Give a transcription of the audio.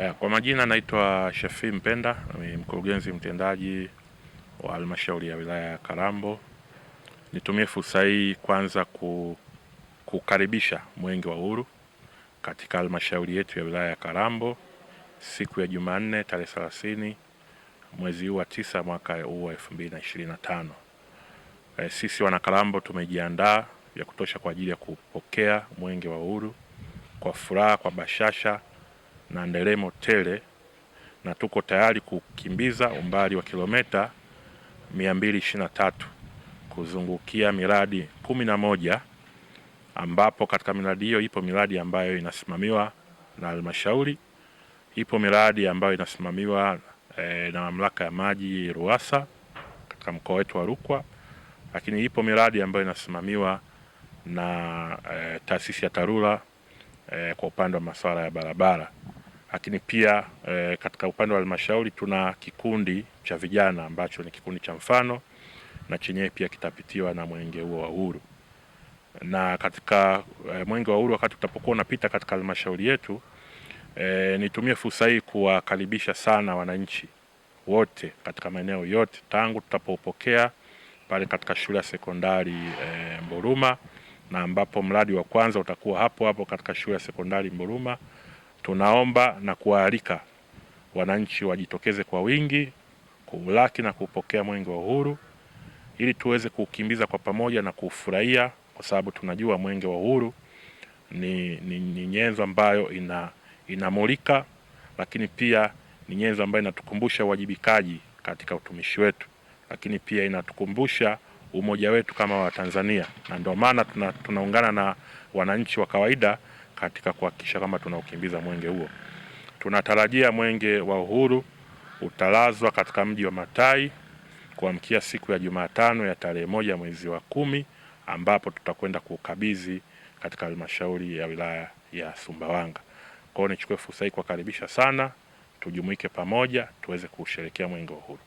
Eh, kwa majina naitwa shafi Mpenda, ni mkurugenzi mtendaji wa halmashauri ya wilaya ya Kalambo. Nitumie fursa hii kwanza kukaribisha Mwenge wa Uhuru katika halmashauri yetu ya wilaya ya Kalambo siku ya Jumanne tarehe 30 mwezi huu wa tisa mwaka huu wa 2025. Eh, sisi Wanakalambo tumejiandaa vya kutosha kwa ajili ya kupokea Mwenge wa Uhuru kwa furaha, kwa bashasha na nderemo tele na tuko tayari kukimbiza umbali wa kilomita 223 kuzungukia miradi kumi na moja ambapo katika miradi hiyo ipo miradi ambayo inasimamiwa na halmashauri, ipo miradi ambayo inasimamiwa e, na mamlaka ya maji RUWASA katika mkoa wetu wa Rukwa, lakini ipo miradi ambayo inasimamiwa na e, taasisi ya TARURA e, kwa upande wa masuala ya barabara lakini pia e, katika upande wa halmashauri tuna kikundi cha vijana ambacho ni kikundi cha mfano na chenyewe pia kitapitiwa na mwenge huo wa uhuru. Na katika e, mwenge wa uhuru wakati utapokuwa unapita katika halmashauri yetu e, nitumie fursa hii kuwakaribisha sana wananchi wote katika maeneo yote tangu tutapopokea pale katika shule ya sekondari e, Mburuma na ambapo mradi wa kwanza utakuwa hapo hapo katika shule ya sekondari Mburuma Tunaomba na kuwaalika wananchi wajitokeze kwa wingi kuulaki na kuupokea mwenge wa uhuru ili tuweze kuukimbiza kwa pamoja na kuufurahia, kwa sababu tunajua mwenge wa uhuru ni, ni, ni nyenzo ambayo ina, inamulika lakini pia ni nyenzo ambayo inatukumbusha uwajibikaji katika utumishi wetu, lakini pia inatukumbusha umoja wetu kama Watanzania, na ndio maana tuna, tunaungana na wananchi wa kawaida katika kuhakikisha kama tunaukimbiza mwenge huo. Tunatarajia mwenge wa uhuru utalazwa katika mji wa Matai kuamkia siku ya Jumatano ya tarehe moja mwezi wa kumi ambapo tutakwenda kuukabidhi katika halmashauri ya wilaya ya Sumbawanga. Kwa hiyo nichukue fursa hii kuwakaribisha sana, tujumuike pamoja tuweze kusherekea mwenge wa uhuru.